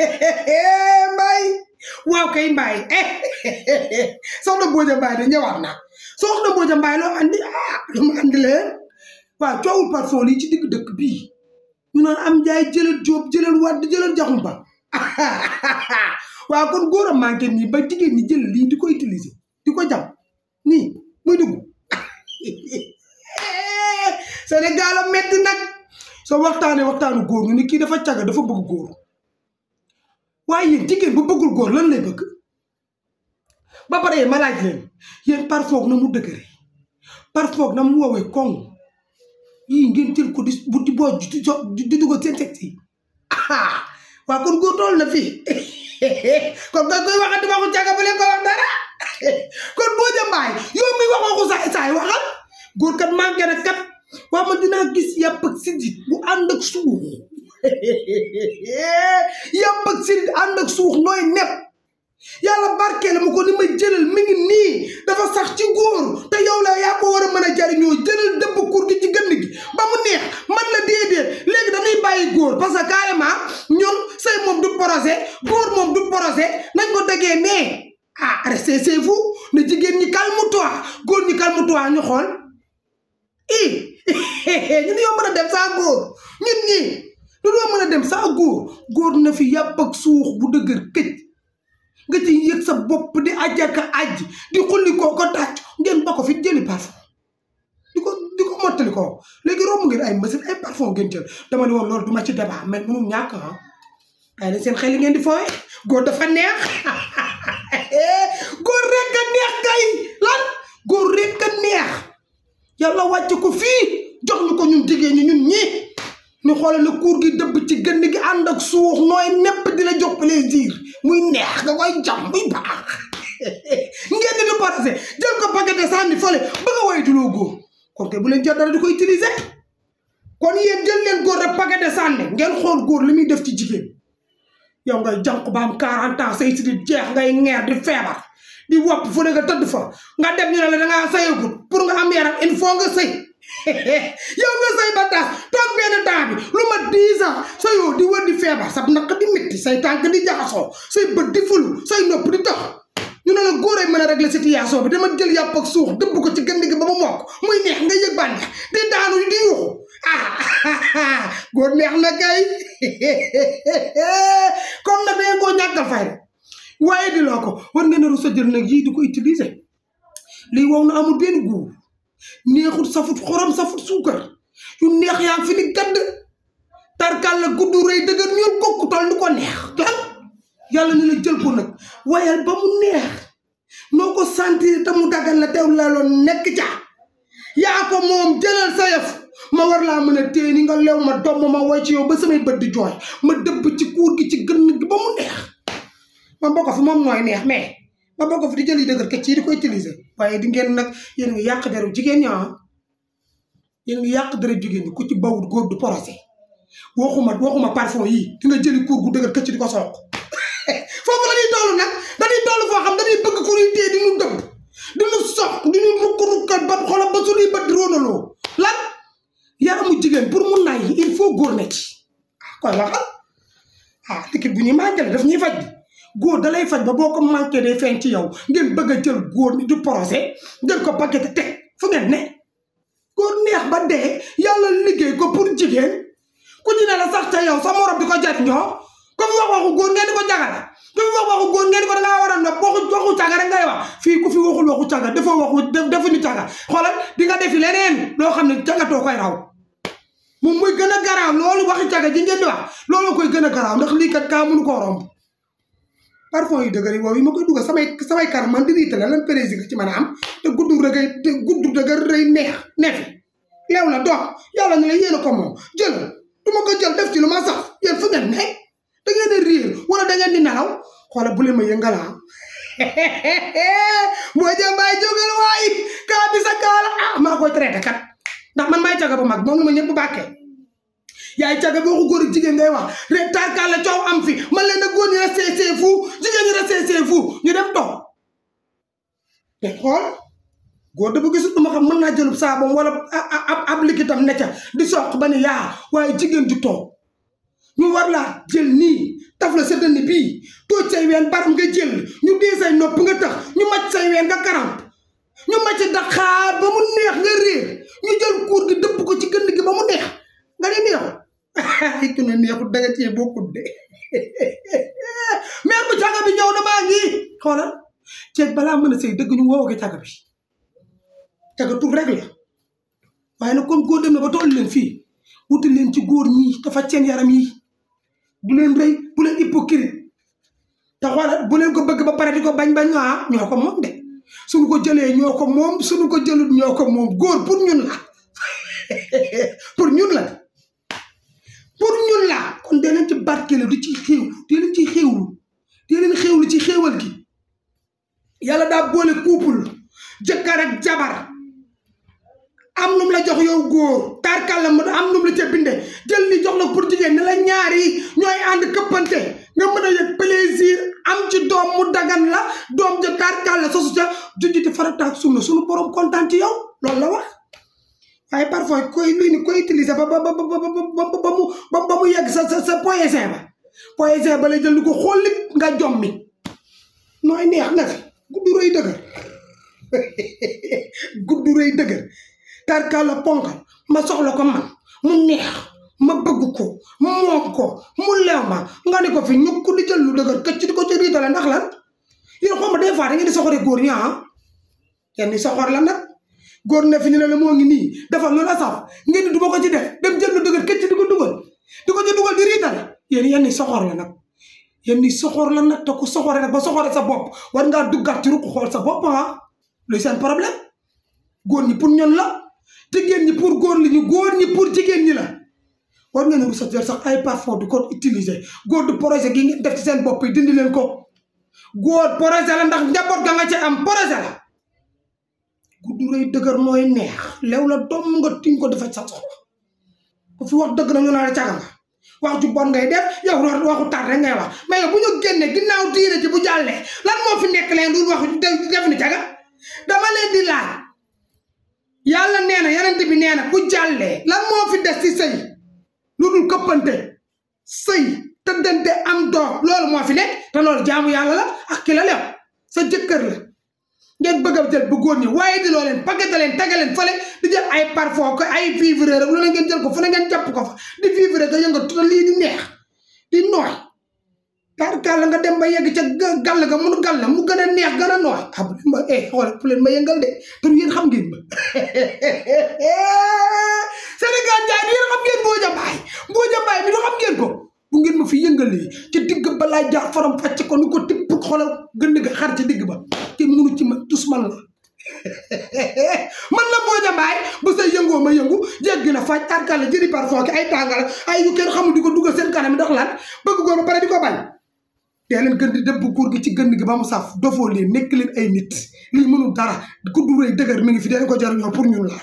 mbaay waaw kay mbaay soxna Mbodia Mbaye de ñëwaat na soxna Mbodia Mbaye loo andi ah lu ma andi leen waaw coowul parfum lii ci digg dëkk bii ñu noon am jaay jëlal jóob jëlal wadd jëlal jaxum ba waaw kon góor a manqué nii ba jigéen ñi jël lii di ko utiliser di ko jam nii muy dugg metti nag soo waxtaanee waxtaanu góor ni kii dafa caga dafa bëgg góor waaye yéen jigéen bu bëggul góor lan lay bëgg ba pare ma laaj leen yéen parfois na mu dëgëre parfois na mu woowee koŋ yii ngeen jël ko di bu di di dugal seen si ah waa góor tool na fii kon koy koy waxati waxu càgga ba leen ko wax dara kon boo jëmbaay yow mi waxoo ko saay saay waxal góor kat manqué na kat waa man dinaa gis yàpp ak sidit bu ànd ak yàpp ak sirit ànd ak suux nooy nepp yàlla barkee la ma ko li ma jëlal mi ngi nii dafa sax ci góor te yow la yaa ko war a mën a jariñoo jëlal dëbb kur gi ci gënn gi ba mu neex man la déedéet léegi dañuy bàyyi góor parce que carrément ñun sëy moom du projet góor moom du projet nañ ko degee nee ah restez chez vous ne jigéen ñi calme-toi góor ñi calme-toi ñu xool i ñun yow mën a dem saa góor ñun ñi dañoo mën a dem saa góor góor na fi yàpp suux bu dëgër këj nga ci yëg sa bopp di ajaka aj di xulli koo ko tàcc ngeen bokk fi jëli parfum di ko di ko mottali ko léegi romb ngeen ay machine ay parfum ngeen dama ne woon loolu du ma ci débat mais mënul ñàkk ah ay leen seen xel ngeen di fooye góor dafa neex góor rek a neex kay lan góor wàcc ko fii jox ñu ko ñun jigéen ñi ñun ñi ñu xoolal na kuur gi dëbb ci gënn gi ànd ak suux nooy nepp di la jox plaisir muy neex nga koy jam muy baax ngeen di passé jël ko paqueté sànni fole ba nga way duloo góor kon kay bu leen jël dara di ko utiliser kon yéen jël leen góor rek paqueté sànni ngeen xool góor li muy def ci jigéen yow ngay jànq ba am 40 ans say si di jeex ngay ngeer di feebar di wopp fu nga tëdd fa nga dem ñu ne la dangaa sayagut pour nga am yaram il faut nga sëy yow nga say bataas toog benn temps lu ma dix ans sa yow di wër di feebar sa naq di métti say tànk di jaxasoo say bët di fulu say nopp di tax ñu ne la góor ay mën a régler situation bi dama jël yàpp ak suux dëbb ko ci gënd gi ba mu mokk muy neex nga yëg bànneex di daanu di yuuxu ah neex na kay comme nag dangeen koo ñàkkal fay waaye di loo ko war ngeen a rusa jël nag yii di ko utiliser lii wow na amul benn guur neexut safut xorom safut suukar yu neex yaa fi ni gadd tarkal la gudd rëy dëgër ñun kokku tol ni ko neex lan yàlla ni la jël ko nag wayal ba mu neex noo ko sentir te mu daggan la teew la loon nekk ca yaa ko moom jëlal sa yëf ma war laa mën a téye nga lew ma domm ma woy ci ba samay bët di jooy ma dëbb ci kuur gi ci gën gi ba mu neex man bokko fi moom nooy neex mais ba bokk fi di jël yi dëgër ke ci di ko utiliser waaye di ngeen nag yéen ngi yàq deru jigéen ñaa yéen ngi yàq deru jigéen ñi ku ci bawut góor du porosé waxuma waxuma parfum yi di nga jëli kuur gu dëgër këcc di ko soq foofu la ñuy toll nag dañuy toll foo xam dañuy bëgg ku ñuy téye di ñu dëbb di ñu soq di ñu rukk rukkal ba xolam ba suñuy bët di róonaloo lan yaramu jigéen pour mun naa yi il faut góor ne ci ah koy waxal ah liquide bu ñuy màggale daf ñuy faj bi góor da faj ba boo ko manqué day feeñ ci yow ngeen bëgg a jël góor ni du projet ngeen ko paquet teg fu ngeen ne góor neex ba dee yàlla liggéey ko pour jigéen ku ñu ne la sax ca yow sa morom bi jat ñoo ko fi wax waxu góor ngeen di ko jagala ko waxu góor ngeen di ko da ngaa war waxu waxu rek ngay wax fii ku fi waxul waxu càgga dafa waxu defuñu càgga xoolal di nga defi leneen loo xam ne càggatoo koy raw moom muy gën a garaaw loolu waxi càgga ji ngeen wax loolu koy gën a garaaw ndax lii kat kaa mënu koo romb parfum yu dëgër yi woow yi ma koy dugal samay samay kar man di riite la lan pérési nga ci mën a am te gudd dëgër gudd dëgër rëy neex neefi leew la dox yàlla ñu la yéen a ko moom jël du ma ko jël def ci lu ma sax yéen fu ngeen ne da ngeen di riir wala da ngeen di nelaw xoola bu leen ma yëngalaa ah. moo jëmbaay jógal waay kaa bi sa kaala ah maa koy traité kat ndax man maay caga bu mag moom la ma ñëpp bàkkee yaay caga boo ko góor a jigéen ngay wax rek tarkaal la coow am fi man leen góor ñi rek seesee fu jigéen rek seesee fu ñu dem toog te mën naa jëlub saabam wala ab ab likitam ne ca di soq ba ne yaa waaye jigéen war laa jël nii taf la sa dënn bii tooj ñu dee say nopp nga tax ñu màcc say ween nga karam ñu màcc daxaar ba mu neex nga réer ñu jël kuur gi dëpp ko ci gënn gi ba mu neex nga ne neexul ki na neexut danga cee bokkut de mais bu càgg bi ñëw na maa ngi xoolal ceeb balaa mën a sëy dëgg ñu woo ko càgg bi càgg tur rek la waaye nag kon góor dem na ba toll leen fii wuti leen ci góor ñi dafa seen yaram yi bu leen rëy bu leen te xoolal bu leen ko bëgg ba pare di ko bañ bañ ah ñoo ko moom de suñu ko jëlee ñoo ko moom suñu ko jëlut ñoo ko moom góor pour ñun la pour ñun la pour ñun la kon dee leen ci barkeelu du ci xéew dee leen ci xéewlu dee leen xéewlu ci xéewal gi yàlla daa boole couple jëkkër ak jabar am num la jox yow góor tarkalla mu am num la ca binde jël ni jox la pour jigéen ne la ñaar yi ñooy ànd këppante nga mën a yëg plaisir am ci doom mu dagan la doom ja tarkalla sosu ca junjiti farataak sunna suñu borom kontaan ci yow loolu la wax ay parfois koy luy ni koy utiliser ba ba ba ba ba mu ba mu yegg sa sa sa poésin ba poésin ba lay jël lu ko xolli nga jommi nooy neex nag guddu rëy dëgër guddu rëy dëgër tarkaa la ponkal ma soxla ko man mu neex ma bëgg ko moom ko mu leew ma nga ne ko fi ñukk di jël lu dëgër këcc di ko ci riitale ndax lan yéen xaw ma des fois da ngeen di soxore góor ñaa ah yéen di soxor la nag góor na fi ñu ne la moo ngi nii dafa loolu asaf ngeen di du ma ko ci def dem jël lu dëgër këcc di ko dugal di ko ci dugal di riital yéen yéen ni soxoor la nag yéen ni soxoor la nag te ku soxore nag ba soxore sa bopp war ngaa duggaat ci ruq xool sa bopp ah luy seen problème góor ñi pour ñoon la jigéen ñi pour góor li ñu góor ñi pour jigéen ñi la war ngeen rusa yor sax ay parfum di ko utiliser góor du projet gi ngeen def ci seen bopp yi dindi leen ko góor projet la ndax njaboot ga nga am projet la gudd rëy dëgër nooy neex lew la doom nga tiñ ko defaj sa soxla ku fi wax dëgg na ñu naan caga nga wax ju bon ngay def yow loolu waxu tar rek ngay wax mais bu ñu génnee ginnaaw diine ji bu jàllee lan nekk leen lu wax def ni caga dama leen di laaj nee na yeneen bi nee na bu jàllee lan moo fi des si sëy lu dul këppante sëy tëddante am doom loolu moo fi nekk te loolu jaamu yàlla la ak ki la lew sa jëkkër la ngeen bëgg a jël bu góor ñi waaye di loo leen paquet leen tagaleen fële di jël ay parfum ko ay vivre rek loolu ngeen jël ko fu ne ngeen jàpp ko fa di vivre ko yënga tuta lii di neex di nooy tarkal la nga dem ba yegg ca gàll ga munu gàll mu gën a neex gën a nooy ah bu leen ma eh xool bu ma yëngal de pour yéen xam ngeen ma Sénégal jaay yéen xam ngeen Mbodia Mbaye Mbodia Mbaye mi do xam ngeen ko bu ngeen ma fi yëngalee ci digg balaa jaar faram fàcc ko nu ko tipp xoolal gën nga xar bu sa yëngoo ma yëngu jéggi na faaj tarkal la jëri parfum ki ay tàngala ay yu kenn xamul di ko dugal seen kanam ndax lan bëgg góor ba pare di ko bañ dee leen gën di dëbb góor gi ci gën gi ba mu saf dofoo leen nekk leen ay nit lii mënul dara ku du rëy dëgër mi ngi fi dee ko jariñoo pour ñun la